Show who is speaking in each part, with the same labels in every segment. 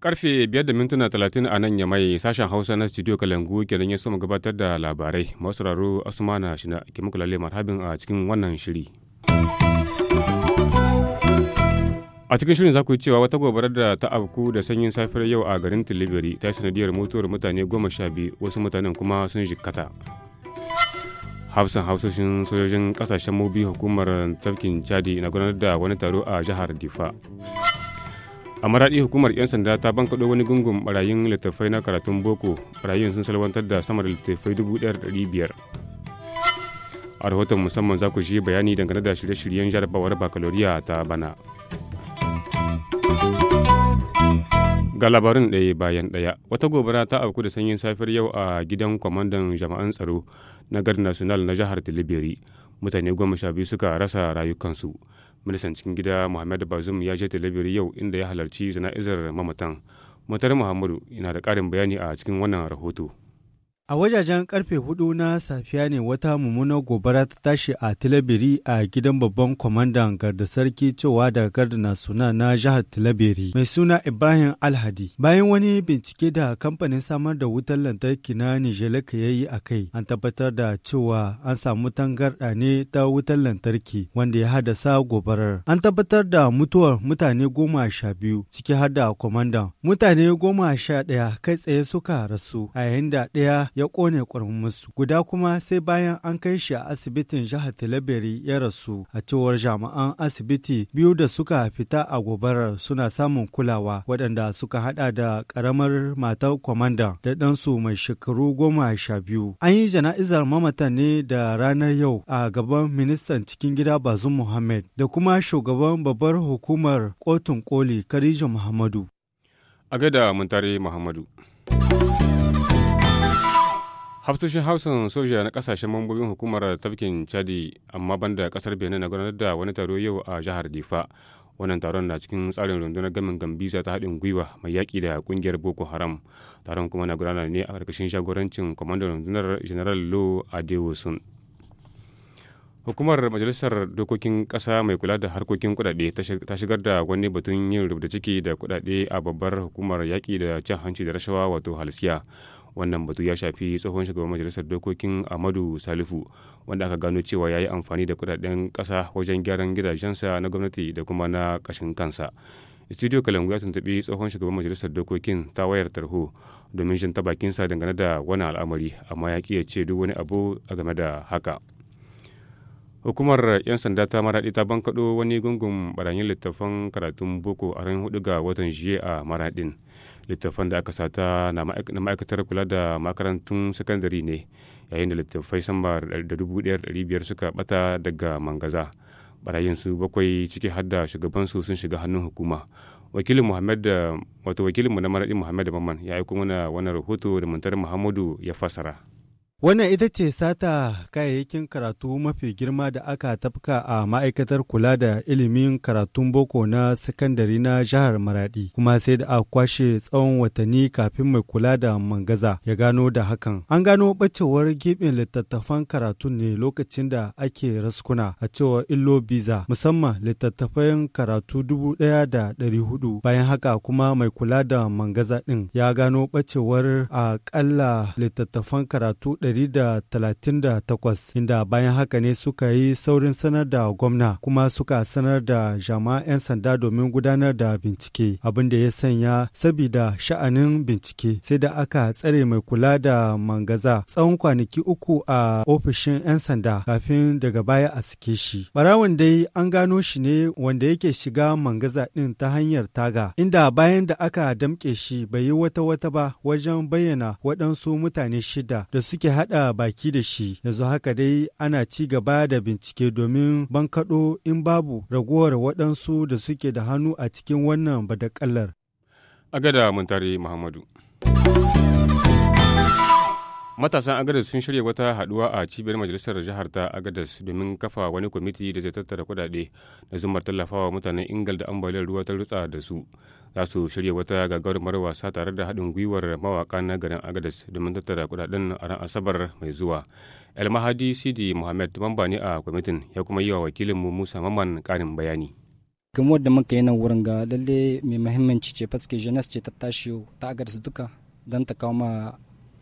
Speaker 1: Karfe biyar da mintuna talatin a nan ya yamai sashen Hausa na studio Kalangu kenan ya gabatar da labarai. Masu raro Asmana shi ke muku lalle marhabin a cikin wannan shiri. a cikin shirin za ku yi cewa wata gobarar da ta afku da sanyin safiyar yau a garin tilibiri ta yi sanadiyar mutuwar mutane goma sha biyu wasu mutanen kuma sun jikkata hafsan hausoshin sojojin kasashen mobi hukumar tafkin chadi na gudanar da wani taro a jihar difa a maraɗi hukumar 'yan sanda ta bankaɗo wani gungun barayin littattafai na karatun boko barayin sun salwantar da sama da littattafai biyar. a rahoton musamman za ku shi bayani dangane da shirye-shiryen jarabawar bakaloriya ta bana Ga labarin ɗaya bayan ɗaya, wata gobara ta auku da sanyin safiyar yau a gidan kwamandan jama'an tsaro na gar National na jihar Tilibiri. Mutane goma sha biyu suka rasa rayukansu. Ministan cikin gida Muhammad Bazum ya je Tilibiri yau inda ya halarci jana'izar mamatan. Mutar Muhammadu yana da ƙarin bayani a cikin wannan rahoto.
Speaker 2: A wajajen karfe hudu na safiya ne wata mummunar gobara ta tashi a Tilabiri a gidan babban kwamandan garda sarki cewa da garda suna na jihar Tilabiri mai suna Ibrahim Alhadi. Bayan wani bincike da kamfanin samar da wutar lantarki na Nijelaka ya yi a kai, an tabbatar da cewa an samu tangarɗa ne ta wutar lantarki wanda ya haddasa gobarar. An tabbatar da mutuwar mutane goma sha biyu ciki har da kwamandan. Mutane goma sha ɗaya kai tsaye suka rasu a yayin da ɗaya ya ƙone musu guda kuma sai bayan an kai shi a asibitin jihar talabari ya rasu a cewar jami'an asibiti biyu da suka fita a gobara suna samun kulawa waɗanda suka hada da ƙaramar matar kwamanda da ɗansu mai shekaru goma sha biyu. An yi jana'izar mamata ne da ranar yau a gaban ministan cikin gida Bazum Muhammad da kuma shugaban babbar hukumar kotun koli Khadija Muhammadu.
Speaker 1: A gada Muntare Muhammadu. hafsoshin hausan soja na kasashen mambobin hukumar tafkin chadi amma banda kasar benin na gudanar da wani taro yau a jihar difa wannan taron na cikin tsarin rundunar gamin gambiza ta haɗin gwiwa mai yaki da kungiyar boko haram taron kuma na gudana ne a ƙarƙashin shagorancin kwamandan rundunar general lo adewosun hukumar majalisar dokokin kasa mai kula da harkokin kudade ta shigar da wani batun yin rubuta ciki da kudade a babbar hukumar yaki da cin hanci da rashawa wato halsiya wannan batu ya shafi tsohon shugaban majalisar dokokin amadu salifu wanda aka gano cewa ya yi amfani da kudaden kasa wajen gyaran gidajensa na gwamnati da kuma na kashin kansa studio kalangu ya tuntuɓi tsohon shugaban majalisar dokokin ta wayar tarho domin jin ta sa dangane da wani al'amari amma ya ƙi ce duk wani abu a game da haka hukumar 'yan sanda ta maraɗi ta bankaɗo wani gungun barayin littattafan karatun boko a ran hudu ga watan jiya a maraɗin littafan da aka sata na ma'aikatar kula da makarantun sakandare ne yayin da littafai sama da dubu biyar suka bata daga mangaza barayin su bakwai ciki har da su sun shiga hannun hukuma wakilin muhammad wato wakilinmu na maraɗi muhammad maman ya aiko mana wannan rahoto da muntar muhammadu ya fasara
Speaker 2: Wannan ita ce sata kayayyakin karatu mafi girma da aka tafka a ma'aikatar kula da ilimin karatun boko na sakandare na jihar Maradi, kuma sai da a kwashe tsawon watanni kafin mai kula da mangaza ya gano da hakan. An gano bacewar gibin littattafan karatu ne lokacin da ake raskuna a cewa illo biza musamman littattafan karatu dubu ɗaya da ɗari hudu. Bayan haka kuma mai kula da mangaza ɗin ya gano bacewar aƙalla littattafan karatu 138 inda bayan haka ne suka yi saurin sanar da gwamna kuma suka sanar da jama'an 'yan sanda domin gudanar da bincike abin da ya sanya sabida sha'anin bincike sai da aka tsare mai kula da mangaza tsawon kwanaki uku a ofishin 'yan sanda kafin daga baya a sike shi barawon dai an gano shi ne wanda yake shiga mangaza ɗin ta hanyar taga inda bayan da aka damƙe shi bai yi wata wata ba wajen bayyana waɗansu mutane shida da suke haɗa baki da shi yanzu haka dai ana ci gaba da bincike domin bankaɗo in babu ragowar waɗansu da suke da hannu a cikin wannan badakalar.
Speaker 1: Agada Muntari Muhammadu. Matasan Agadas sun shirya wata haduwa a cibiyar majalisar jihar ta Agadas domin kafa wani kwamiti da zai tattara kudade da zumar tallafawa mutanen Ingal da ambaliyar ruwa ta rutsa da su. Za su shirya wata gagarumar wasa tare da haɗin gwiwar mawaƙa na garin Agadas domin tattara kudaden a ran Asabar mai zuwa. El Mahadi Sidi Muhammad mamba ne a kwamitin ya kuma yi wa wakilinmu Musa mamman karin bayani.
Speaker 3: kamar wadda muka yi nan wurin ga lalle mai mahimmanci ce faske jeunesse ce ta tashi ta agadas duka dan ta kawo ma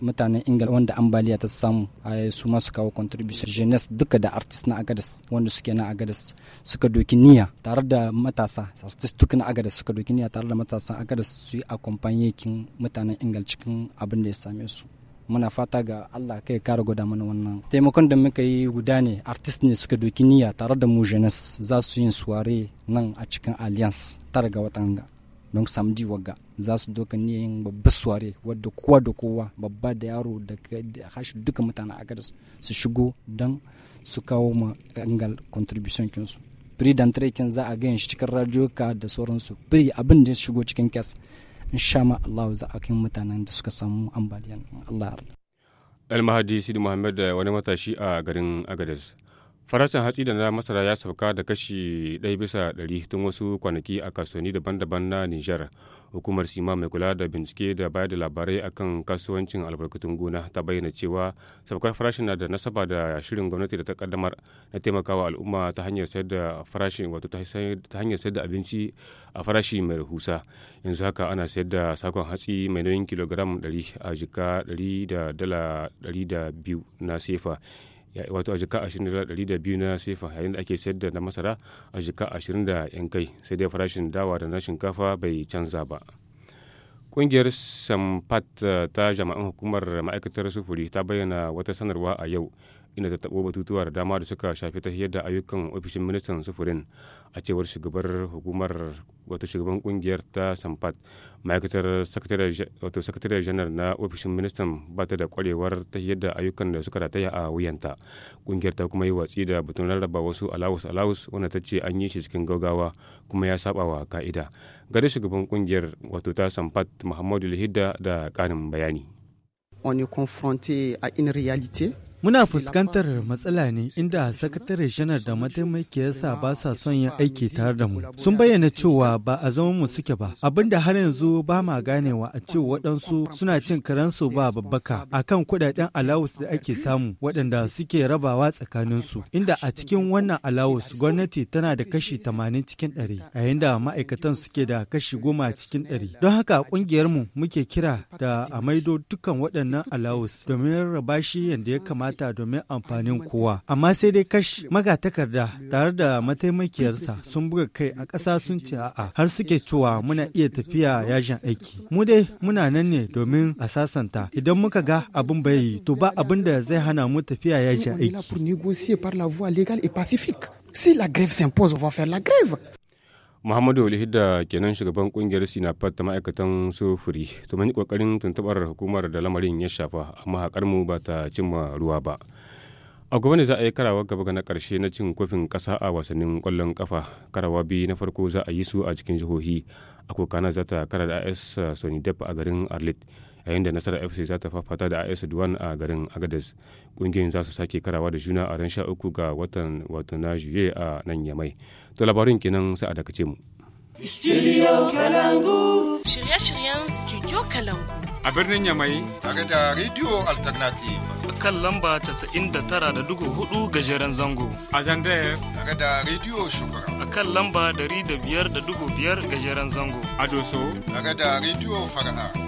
Speaker 3: mutanen ingila wanda ambaliya ta samu a su masu kawo contribution jeunesse duka da artist na agadas wanda suke na agadas suka doki niyya tare da matasa artist duka na agadas suka doki niyya tare da matasa agadas su yi akwamfanyekin mutanen ingila cikin abin da ya same su muna fata ga Allah kai kara gwada mana wannan taimakon da muka yi guda ne artist ne suka doki niyya tare da mu jeunesse za su yin suware nan a cikin alliance tare ga watan don samdi waga za su doka yin babbar suware wadda kowa da kowa babba da yaro da hashi duka mutane a gada su shigo don su kawo ma angal contribution kinsu pri dan kin za a ga shi cikin ka da sauransu pri abin da shigo cikin kes sha ma Allah za a kai mutanen da suka samu ambaliyan Allah
Speaker 1: Mahdi sidi muhammad eh, wani matashi a garin agadez farashin hatsi da na masara ya sauka da kashi ɗaya bisa ɗari tun wasu kwanaki a kasuwanni daban-daban na niger hukumar sima mai kula da bincike da bayar da labarai akan kasuwancin albarkatun gona ta bayyana cewa saukar farashin na da nasaba da shirin gwamnati da ta kaddamar na taimakawa al'umma ta hanyar sayar da farashi wato ta hanyar sayar da abinci a farashi mai rahusa yanzu haka ana sayar da sakon hatsi mai nauyin kilogram ɗari a jika ɗari da dala ɗari biyu na sefa wato a ashirin da ɗari da biyu na sefa yayin da ake sayar da na masara a jika ashirin da yan kai sai dai farashin dawa da na shinkafa bai canza ba ƙungiyar sampat eh, ta jama'an hukumar ma'aikatar sufuri ta bayyana wata sanarwa a yau inda ta taɓo batutuwa da dama da suka shafi ta da ayyukan ofishin ministan sufurin a cewar shugabar hukumar wato shugaban kungiyar ta sampat ma'aikatar wato sakatare janar na ofishin ministan ba ta da kwarewar ta da ayyukan da suka rataya a wuyanta kungiyar ta kuma yi watsi da batun rarraba wasu alawus alawus wanda ta ce an yi shi cikin gaugawa kuma ya saba wa ka'ida gari shugaban kungiyar wato ta sampat muhammadu lihida da karin bayani on est confronté à une réalité
Speaker 2: Muna fuskantar matsala ne inda sakatare janar da mataimaki mataimakiyarsa ba sa son yin aiki tare da mu. Sun bayyana cewa ba a zama mu suke ba, abinda har yanzu ba ma ganewa a ce waɗansu suna cin karansu ba babbaka a kan kuɗaɗen alawus da ake samu waɗanda suke rabawa tsakaninsu. Inda a cikin wannan alawus gwamnati tana da kashi tamanin cikin ɗari, yayin da ma'aikatan suke da kashi goma cikin ɗari. Don haka ƙungiyarmu muke kira da a maido dukkan waɗannan alawus domin rabashi shi yadda ya kamata kamata domin amfanin kowa. Amma sai dai kash magatakarda tare da mataimakiyarsa sun buga kai a ƙasa sun ce a'a har suke cewa muna iya tafiya yajin aiki. Mu dai muna nan ne domin a sasanta idan muka ga abin bai yi to ba abin da zai hana mu tafiya yajin aiki.
Speaker 4: Si la grève s'impose, on va faire la grève.
Speaker 1: Muhammadu da kenan shugaban kungiyar sinapat ta ma'aikatan sufuri, to mun yi kokarin tuntubar hukumar da lamarin ya shafa amma hakar mu ba ta cimma ruwa ba. A gobe ne za a yi karawa gaba na karshe na cin kofin ƙasa a wasannin kwallon kafa Karawa biyu na farko za a yi su a cikin jihohi. A Akokana za ta kara da AS Sonidep a garin Arlit. yayin da nasarar fc za ta fafata da as duwan a garin agadez kungiyoyin za su sake karawa da juna a ran sha uku ga watan wato na juye a nan yamai to labarin kenan sai a dakace mu studio kalangu shirye-shiryen studio kalangu a birnin yamai tare da radio alternative kan lamba 99.4 gajeren zango. A Zandaya. Daga da Radio Shugaba. A kan lamba 105.5 gajeren zango. A Doso. Daga da Radio Fara'a.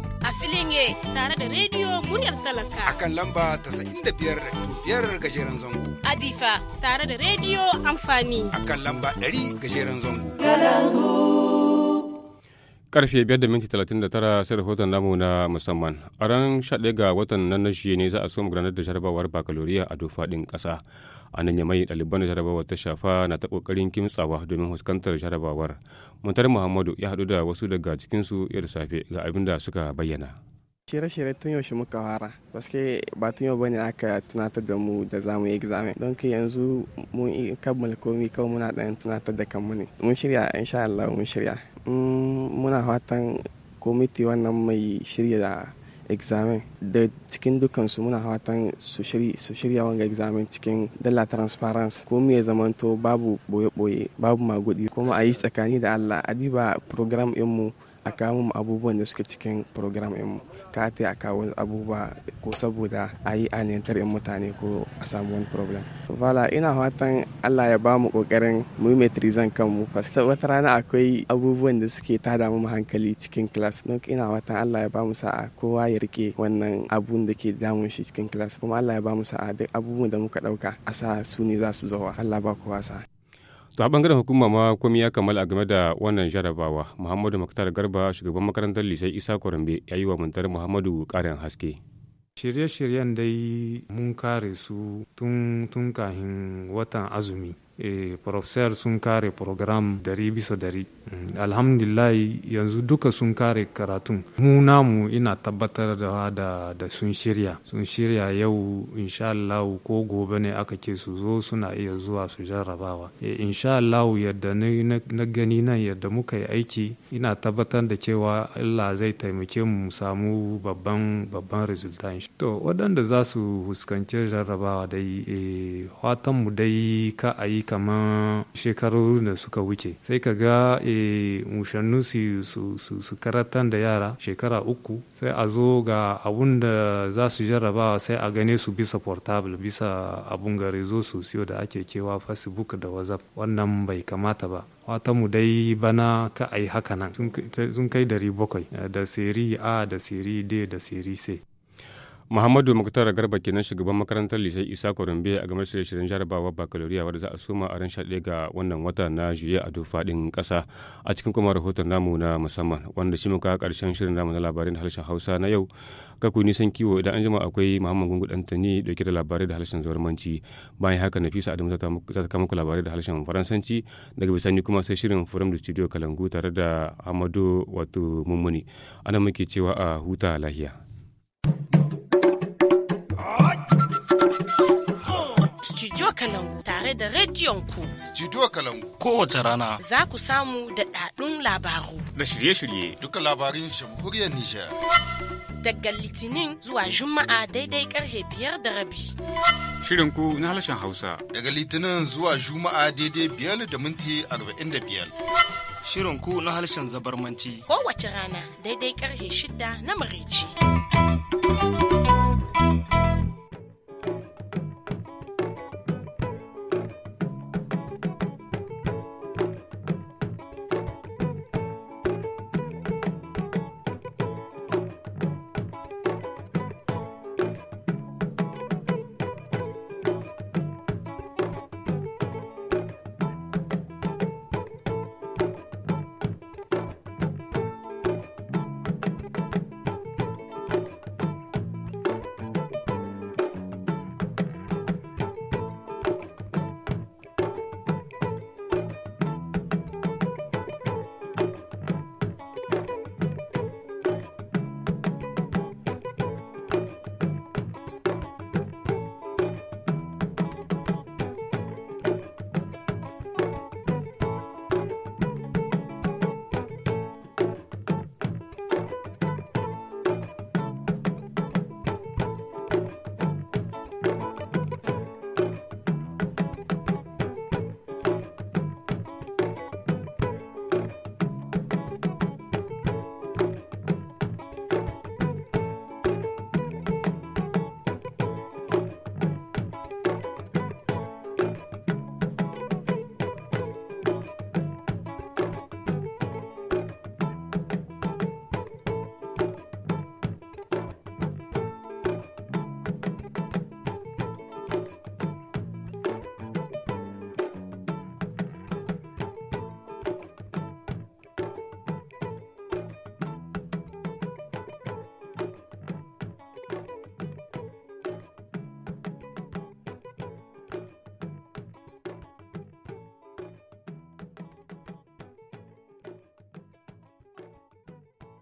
Speaker 1: a filin ye tare da rediyo muryar talaka akan lamba 95.5 gajeren zango adifa tare da rediyo amfani akan lamba 100 gajeren zango karfe biyar talatin 5.39 sai rahoton namu na musamman a ran 11 ga watan nan na shiye ne za a soma gudanar da jarabawar bakaloriya a duk ƙasa a nan ya mai ɗaliban da jarabawar ta shafa na ta ƙoƙarin kimtsawa domin fuskantar jarabawar mutar muhammadu ya haɗu da wasu daga cikinsu yau da safe ga abin da suka bayyana
Speaker 4: shirye-shirye tun yaushe muka fara paske ba tun yau bane aka tunatar da mu da zamu yi examen don ka yanzu mun kammala komi kawai muna ɗan tunatar da kanmu ne mun shirya insha Allah mun shirya Mm, muna fatan komiti wannan mai shirya da examen da cikin dukansu muna fatan su shirya wanga examen cikin dala transparency ko mai zamanto babu boye-boye babu magudi kuma a yi tsakani da allah adiba program inmu a kawo mu abubuwan da suke cikin program mu ka ta a kawo abubuwa ko saboda a yi alintar in mutane ko a samu wani problem vala ina fatan allah ya ba mu kokarin mu metrizan kanmu paske wata rana akwai abubuwan da suke damu mu hankali cikin class don ina fatan allah ya ba mu sa'a kowa ya rike wannan abun da ke damun shi cikin class kuma allah ya ba mu sa'a duk abubuwan da muka dauka a sa su ne za su zo Allah ba kowa wasa.
Speaker 1: To a bangaren hukuma ma komai ya kammala a game da wannan jarabawa. Muhammadu Muktar Garba shugaban makarantar Lisai Isa Kwarambe ya yi wa Muntar Muhammadu karin haske.
Speaker 5: Shirye-shiryen dai mun kare su tun tun kahin watan azumi. E, professor sun kare program dari bisa dari alhamdulillah yanzu duka sun kare karatun mu namu ina tabbatar da da, sun shirya sun shirya yau insha Allah ko gobe ne aka ce su zo suna iya zuwa su jarrabawa e, insha Allah yadda na gani nan yadda muka yi aiki ina tabbatar da cewa Allah zai taimake mu samu babban babban resulta to waɗanda za su fuskanci jarrabawa dai e, fatan mu dai ka ayi. kamar shekaru da suka wuce sai ka ga e, eh, mushannu su, su, su, karatan da yara shekara uku sai a zo ga abun da za su jarrabawa sai a gane su bisa portable bisa abun zo su siyo da ake kewa facebook da whatsapp wannan bai kamata ba wata mu dai bana
Speaker 1: ka ai haka nan sun kai dari bakwai eh, da siri a da siri d da siri c Muhammadu Muktar Garba kenan shugaban makarantar Lisai Isa Korombe a gamar shirye-shiryen jarabawa bakaloriya wadda za a soma a ran 11 ga wannan wata na juye a dufaɗin ƙasa a cikin kuma rahoton namu na musamman wanda shi muka karshen shirin namu na labarin da harshen Hausa na yau ka ku nisan kiwo idan an jima akwai Muhammad Gungu Dantani dauke da labarai da harshen Zubarmanci bayan haka Nafisa Adamu za ta kama ku labarai da harshen Faransanci daga bisani kuma sai shirin from the Studio Kalangu tare da ahmadu wato Mummuni ana muke cewa a huta lahiya. tare da rediyonku.
Speaker 2: Studio Kalangu. Kowace rana.
Speaker 1: Za ku samu da ɗaɗun labaru. Da shirye-shirye. Duka labarin jamhuriyar Nijar. Daga Litinin zuwa Juma'a daidai karfe biyar da rabi. Shirin ku na halashen Hausa. Daga Litinin zuwa Juma'a daidai biyar da minti arba'in da biyar. Shirin
Speaker 3: ku na halashen zabarmanci.
Speaker 1: Kowace rana daidai karfe shida na marici.